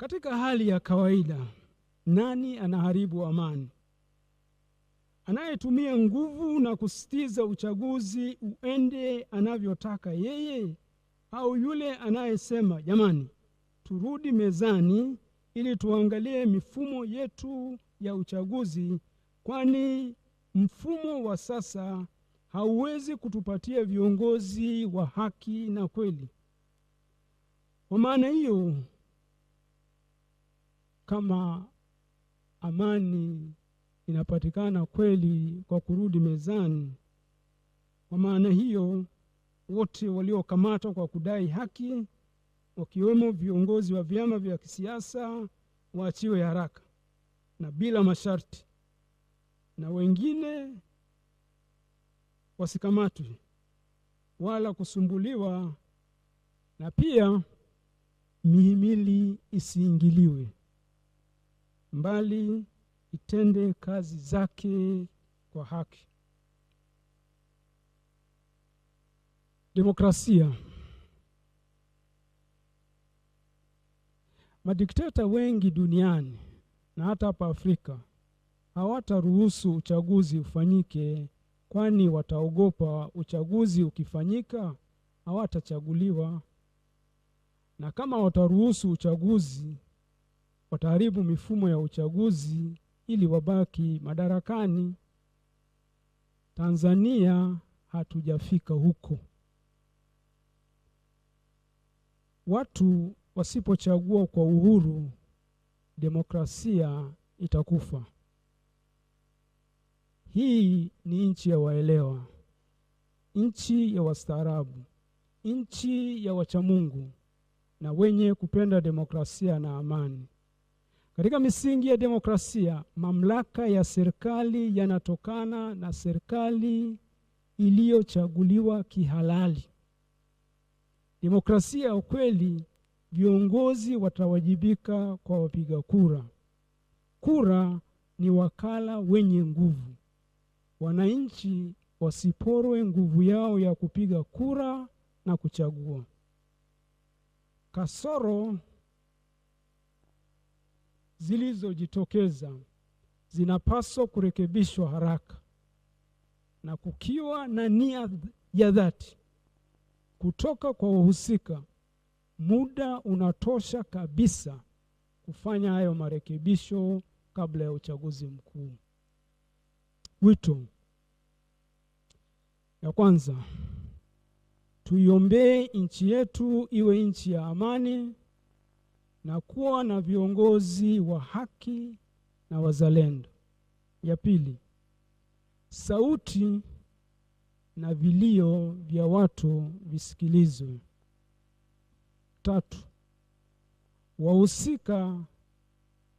Katika hali ya kawaida, nani anaharibu amani? Anayetumia nguvu na kusitiza uchaguzi uende anavyotaka yeye, au yule anayesema jamani, turudi mezani ili tuangalie mifumo yetu ya uchaguzi, kwani mfumo wa sasa hauwezi kutupatia viongozi wa haki na kweli. Kwa maana hiyo kama amani inapatikana kweli kwa kurudi mezani. Kwa maana hiyo, wote waliokamatwa kwa kudai haki, wakiwemo viongozi wa vyama vya kisiasa, waachiwe haraka na bila masharti, na wengine wasikamatwe wala kusumbuliwa, na pia mihimili isiingiliwe mbali itende kazi zake kwa haki. Demokrasia. Madikteta wengi duniani na hata hapa Afrika hawataruhusu uchaguzi ufanyike, kwani wataogopa uchaguzi ukifanyika hawatachaguliwa, na kama wataruhusu uchaguzi wataharibu mifumo ya uchaguzi ili wabaki madarakani. Tanzania hatujafika huko. Watu wasipochagua kwa uhuru, demokrasia itakufa. Hii ni nchi ya waelewa, nchi ya wastaarabu, nchi ya wachamungu na wenye kupenda demokrasia na amani. Katika misingi ya demokrasia, mamlaka ya serikali yanatokana na serikali iliyochaguliwa kihalali. Demokrasia ya ukweli, viongozi watawajibika kwa wapiga kura. Kura ni wakala wenye nguvu. Wananchi wasiporwe nguvu yao ya kupiga kura na kuchagua. Kasoro zilizojitokeza zinapaswa kurekebishwa haraka na kukiwa na nia ya dhati kutoka kwa wahusika, muda unatosha kabisa kufanya hayo marekebisho kabla ya uchaguzi mkuu. Wito ya kwanza, tuiombee nchi yetu iwe nchi ya amani na kuwa na viongozi wa haki na wazalendo. Ya pili, sauti na vilio vya watu visikilizwe. Tatu, wahusika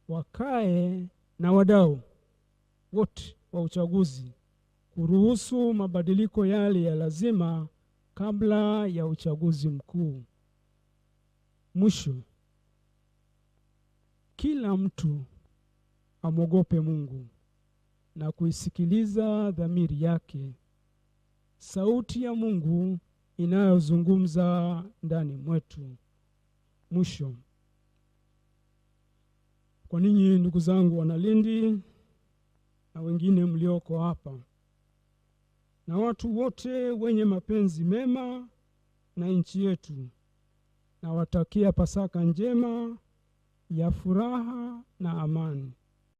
wakae na wadau wote wa uchaguzi kuruhusu mabadiliko yale ya lazima kabla ya uchaguzi mkuu. Mwisho kila mtu amwogope Mungu na kuisikiliza dhamiri yake, sauti ya Mungu inayozungumza ndani mwetu. Mwisho, kwa ninyi ndugu zangu Wanalindi na wengine mlioko hapa na watu wote wenye mapenzi mema na nchi yetu, nawatakia Pasaka njema ya furaha na amani.